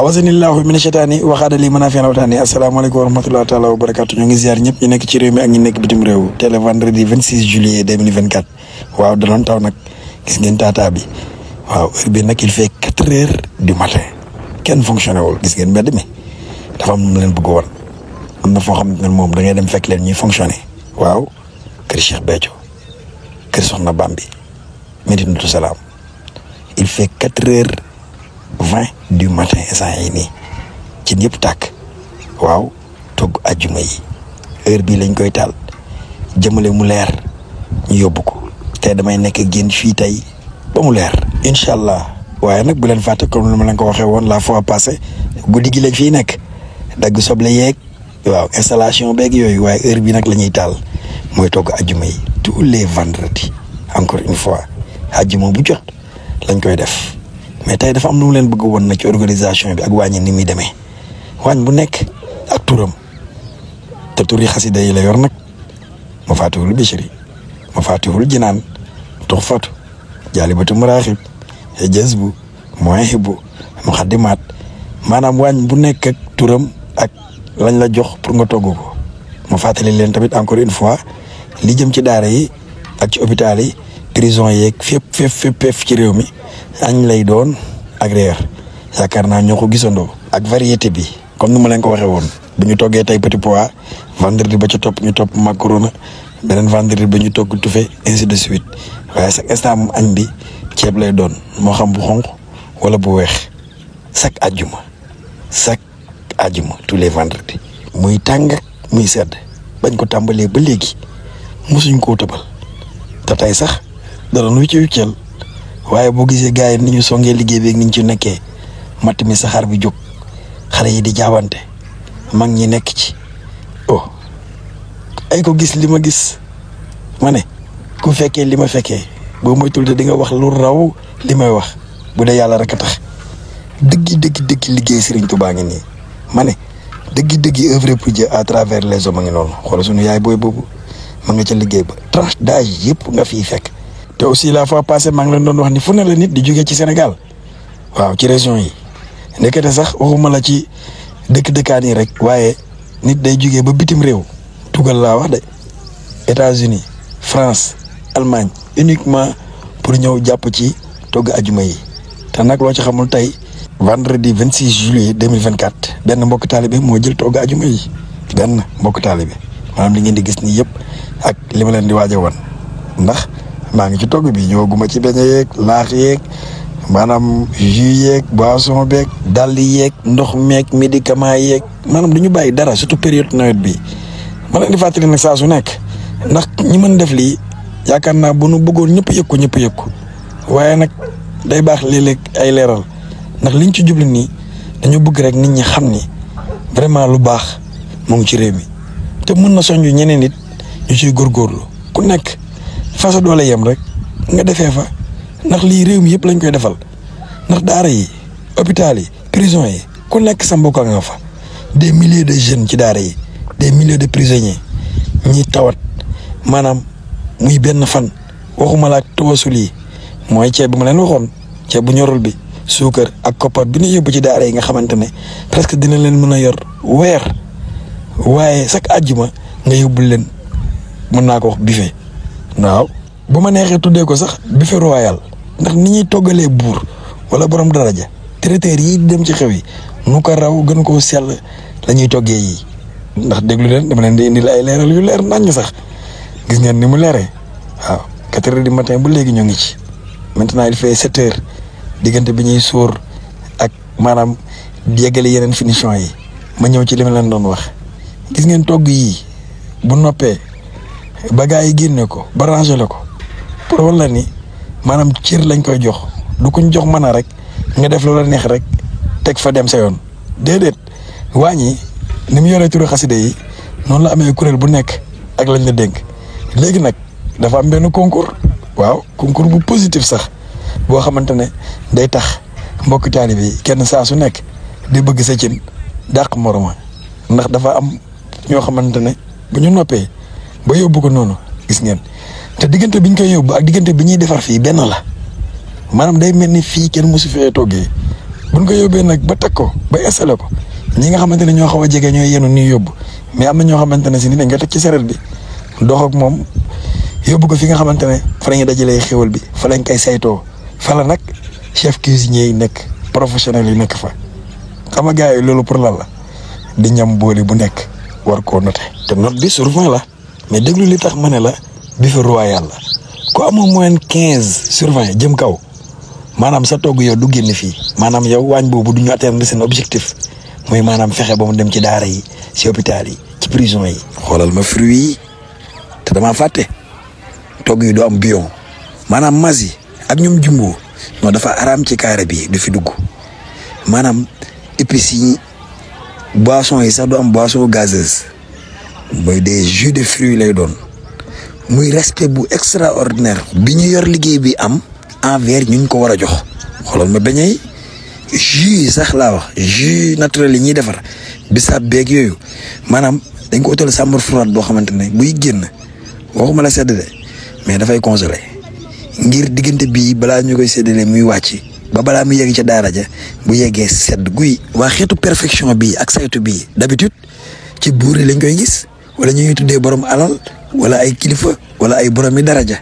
awasanillahu mina shaytaani waxaadali mën a fiyan awtaani asalaamaaleykum wa rahmatullahi taala wa barakatu ñu ngi ziar ñep ñu nek ci réew mi ak ñi nek bitim réew télé vendredi 26 juillet 2024 waaw da daloon taw nak gis ngeen tata bi waaw heure bi nak il fait 4h du matin ken fonctionné wol gis ngeen mbedd mi dafa am nu leen bëgg woon am na fo xam ne mom da ngay dem fekk leen ñi fonctionné waaw kër Cheikh Béthio kër Soxna Bambi Médinatoul Salam il fait 4 heures vingt du matin instant yi nii ci ñëpp tàkk waaw togg ajjuma yi heure bi lañ koy taal jëmale mu leer ñu yóbbu ko te damay nekk génn fi tay ba mu leer inshallah waye nak bu len faté comme lu ma ko waxé won la fois passée guddi gi lañ fi nekk dagg soble yek waaw installation beeg yoy waye heure bi nag la tal moy mooy togg ajjuma yi tous les vendredis encore une fois ajjuma bu jot lañ koy def mais tey dafa am lu mu leen bëgg woon na ci organisation bi ak wàññi ni muy demee waañ bu nekk ak turam te turi xasida yi la yor nag ma faatihul bichri ma faatihul jinaan tux fatu jaalibatu maraaxib jës bu mooy xibbu mu xaddimaat maanaam waañ bu nekk ak turam ak lañ la jox pour nga togg ko ma leen tamit encore une fois li jëm ci daara yi ak ci hôpital yi prison yeeg fépp fépp fépp ci réew mi añ lay doon ak reer yaakaar naa ñoo ko gisandoo. ak variété bi comme ni ma leen ko waxee woon bu ñu toggee tey petit pois vendredi ba ca topp ñu topp macaroni beneen vendredi ba ñu togg tufe ainsi de suite waaye chaque instant mu añ bi ceeb lay doon moo xam bu xonk wala bu weex sak àjjuma sak àjjuma tous les vendredis muy tàng muy sedd bañ ko tàmbalee ba léegi mosuñ koo tëbal te tey sax. da doon ci wiccal waye bo gisee gaay yi ni ñu songee liggéey beeg ni ci nekké mat mi saxaar bi juk xalé yi di jaawante mag ñi nekk ci oh ay ko gis lima gis mané ku féké lima féké bo moy moytul te di nga wax lu raw li wax bu dee yalla rek degi tax deug deug deug liggéey Serigne Touba ngi ni mané deug deug œuvre pour Dieu à travers les hommes ngi non xol sunu yaay boy bobu ma nga ci liggéey ba tranche d'âge yépp nga fi fekk te aussi la fois passée maa ngi leen doon wax ni fu ne la nit di jógee ci Sénégal waaw ci région yi ndekete sax waxuma la ci dëkk-dëkkaan yi rek waaye nit day jógee ba bitim réew tugal la wax de États-Unis France Allemagne uniquement pour ñëw jàpp ci togg ajuma yi te nag loo ci xamul tey vendredi 26 juillet 2024 benn mbokk taalibe moo jël togg ajuma yi benn mbokk taalibe maanaam li ngeen di gis nii yëpp ak li ma leen di waaj a ndax maa ngi ci togg bi ñëwaguma ci beñe yeeg laax yeeg maanaam jus yeeg boisson beeg dàll yeeg ndox meek médicament yeeg maanaam du ñu bàyyi dara surtout période nawet bi ma leen di fàttali nag saa su nekk ndax ñi mën def lii yaakaar naa bu nu bëggoon ñëpp yëg ko ñëpp yëg ko waaye nag day baax léeg ay leeral ndax liñ ci jublu nii dañu bëgg rek nit ñi xam ni vraiment lu baax mu ngi ci réew mi te mën na soñju ñeneen nit ñu ciy góorgóorlu ku nekk fa sa doole yam rek nga defé fa nak li réew mi yep lañ koy defal nak daara yi hôpital yi prison yi ku nek sa mbokk nga fa des milliers de jeunes ci daara yi des milliers de prisonniers ñi tawat manam muy ben fan waxuma la tawasul yi moy ci bu ma len waxon ci bu ñorul bi suukar ak koppar bi ñu yob ci daara yi nga xamantene presque dina len mëna yor weer waye sak aljuma nga yobul len mëna ko wax buffet naw buma nexé tuddé ko sax bi fi royal ndax ni ñi togalé bour wala borom daraja traiteur yi dem ci xew yi nu ko raw gën ko sel lañuy toggé yi ndax déglu leen dama leen di indi lay léral yu lér naññ sax gis ngeen ni mu léré waaw quatre heures du matin bu légui ñoo ngi ci maintenant il fait 7h digënté bi ñuy sour ak maanaam yeggale yenen finition yi ma ñew ci li ma doon wax gis ngeen togg yi bu noppé ba yi génne ko ba rangé ko pour wala ni maanaam cër lañ koy jox du kuñ jox mën a rek nga def loola neex rek teg fa dem sa yoon déedéet waañi ni mu yoree turu xaside yi noonu la amee kuréel bu nekk ak lañ la dénk léegi nag dafa am benn concours waaw concours bu positif sax boo xamante ne day tax mbokk taali bi kenn saa su nekk di bëgg sa cin dàq moroma ndax dafa am ñoo xamante ne bu ñu noppee ba yobbu ko nonu gis ngeen te diggante biñ koy yobbu ak diggante biñuy defar fii la manam day melni fi fii kenn mosu fee toggee buñ ko yóbbee nak ba takko ba installé ko ñi nga xamante ño xawa jégué ño jege ñooy yenu nii yóbbu mais amna ño ñoo ci ni nga tek ci sareet bi dox ak mom yobbu ko fi nga fa lañu dajalé dajalee bi fa lañ kay sayto fa la nak chef cuisinier yi nek professionnel yi nek fa xama gaay lolu pour lan la di ñam boole bu nek war ko noté te note bi la mais déglu li tax ma ne la buffet royal ko ku amoon moyenne quinze sur jëm kaw maanaam sa togg yow du génn fii maanaam yow waañ boobu du ñu atteindre seen objectif mooy maanaam fexe ba mu dem ci daara yi ci hôpital yi ci prison yi. xoolal ma fruit yi te damaa fàtte togg yi du am bion maanaam mas ak ñoom jumbo non dafa araam ci carré bi du fi dugg maanaam épices yi boissons yi sax du am boisson gazeuse. mooy des jus de fruits lay doon muy respect bu extraordinaire bi ñu yor liggéey bi am envers ñu ñu ko war a jox xoolal ma beñe yi sax laa wax jus naturel yi ñuy defar bisaab beeg yooyu maanaam dañ ko utal chambre froide boo xamante ne buy génn waxuma la sedd de mais dafay congelé ngir diggante bi balaa ñu koy séddalee muy wàcc ba balaa mu yegg ca daara ja bu yeggee sedd guy. waa xeetu perfection bi ak saytu bi d'habitude ci buur yi lañ koy gis. wala ñu ñuy tuddee borom alal wala ay kilifa wala ay borom yi daraja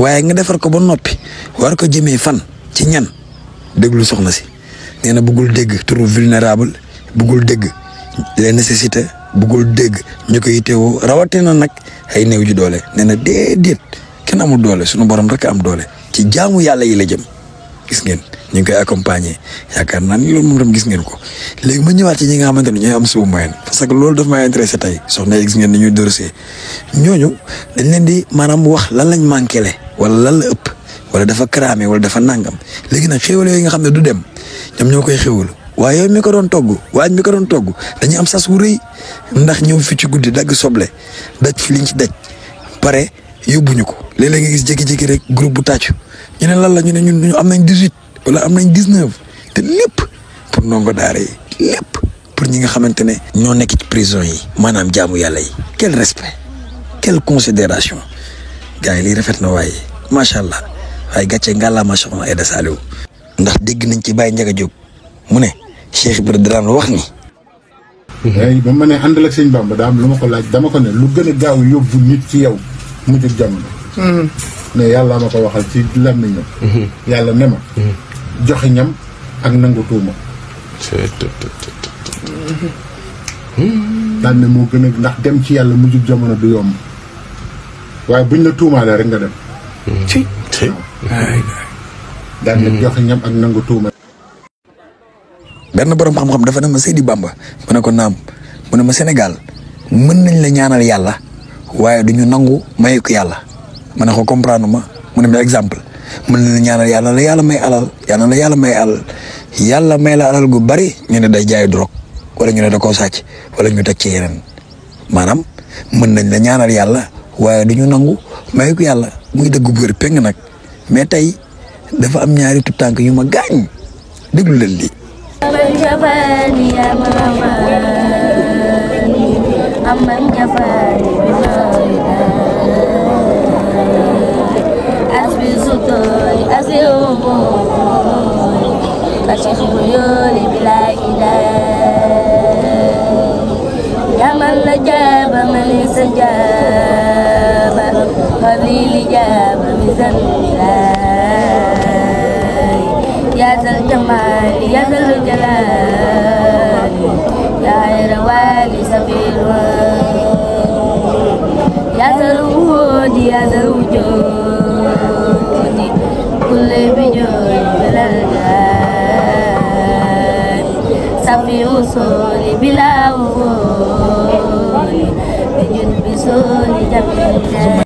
waaye nga defar ko ba noppi war ko jëmee fan ci ñan déglu soxna si nee buggul dégg turu vulnérable bëggul dégg les nécessités buggul dégg ñu koy teewoo rawatina nag ay néew ji doole nee na déedéet kenn amul doole sunu borom rek am doole ci jaamu yàlla yi la jëm gis ngeen. ñu koy accompagner yaakaar naa ni loolu moom dem gis ngeen ko léegi ma ñëwaat ci ñi nga xamante ne ñooy am suba moyen parce que loolu daf maa intéressé tey soxna gis ngeen ni ñuy dossier ñooñu dañ leen di maanaam wax lan lañ manqué le wala lan la ëpp wala dafa cramé wala dafa nangam léegi nag xéwal yooyu nga xam ne du dem ñoom ñoo koy xéwal waaye yow mi ko doon togg waaj mi ko doon togg dañuy am sas wu rëy ndax ñëw fi ci guddi dagg soble daj fi liñ ci daj pare yóbbuñu ko léeg-léeg nga gis jékki-jékki rek groupe bu tàccu ñu ne lan la ñu ne ñun am nañ 18 wala am nañ dix-neuf te lépp pour nongo daar yi lépp pour ñi nga xamante ne. ñoo nekk ci prison yi maanaam jaamu yàlla yi. quel respect quelle considération gars yi lii rafet na waaye macha allah waaye gàcce ngàllaama soxna de Saliou ndax dégg nañ ci Baye Ndiaga jóg mu ne Cheikh Ibrahima daan wax ni. ay ba ma ne àndal ak sëñ daa lu ma ko laaj dama ko ne lu gën a gaaw yóbbu nit ci yow mujj jamono. Hmm. ne yalla ma ko waxal ci làmmiñam mhm. yàlla ne ma mhm. joxe ñam ak nangu tuuma mhm. daan ne moo gën ndax dem ci yalla mu jup jamono du yom way buñ la tuuma la rek nga dem ci ci daan ne joxe ñam ak nangu tuuma benn borom xam-xam dafa na ma Seydi Bamba mu ne ko nam mu ne ma Sénégal mën nañ la ñaanal yalla waye duñu nangu mayu ko yalla ma ne ko comprendre ma mu ne ma exemple mën na la ñaanal yàlla la yàlla may alal yàlla la yàlla may alal yàlla may la alal gu bari ñu ne day jaay drogue wala ñu ne da koo sàcc wala ñu teg ci yeneen maanaam mën nañ la ñaanal yàlla waaye du ñu nangu may ko yàlla muy dëgg bu wér peng nag mais tey dafa am ñaari tout tànk yu ma gaañ déglu leen lii. aman يا ذا الوجود يا ذا الوجود في وصولي بلا وفولي بجنب سولي جميل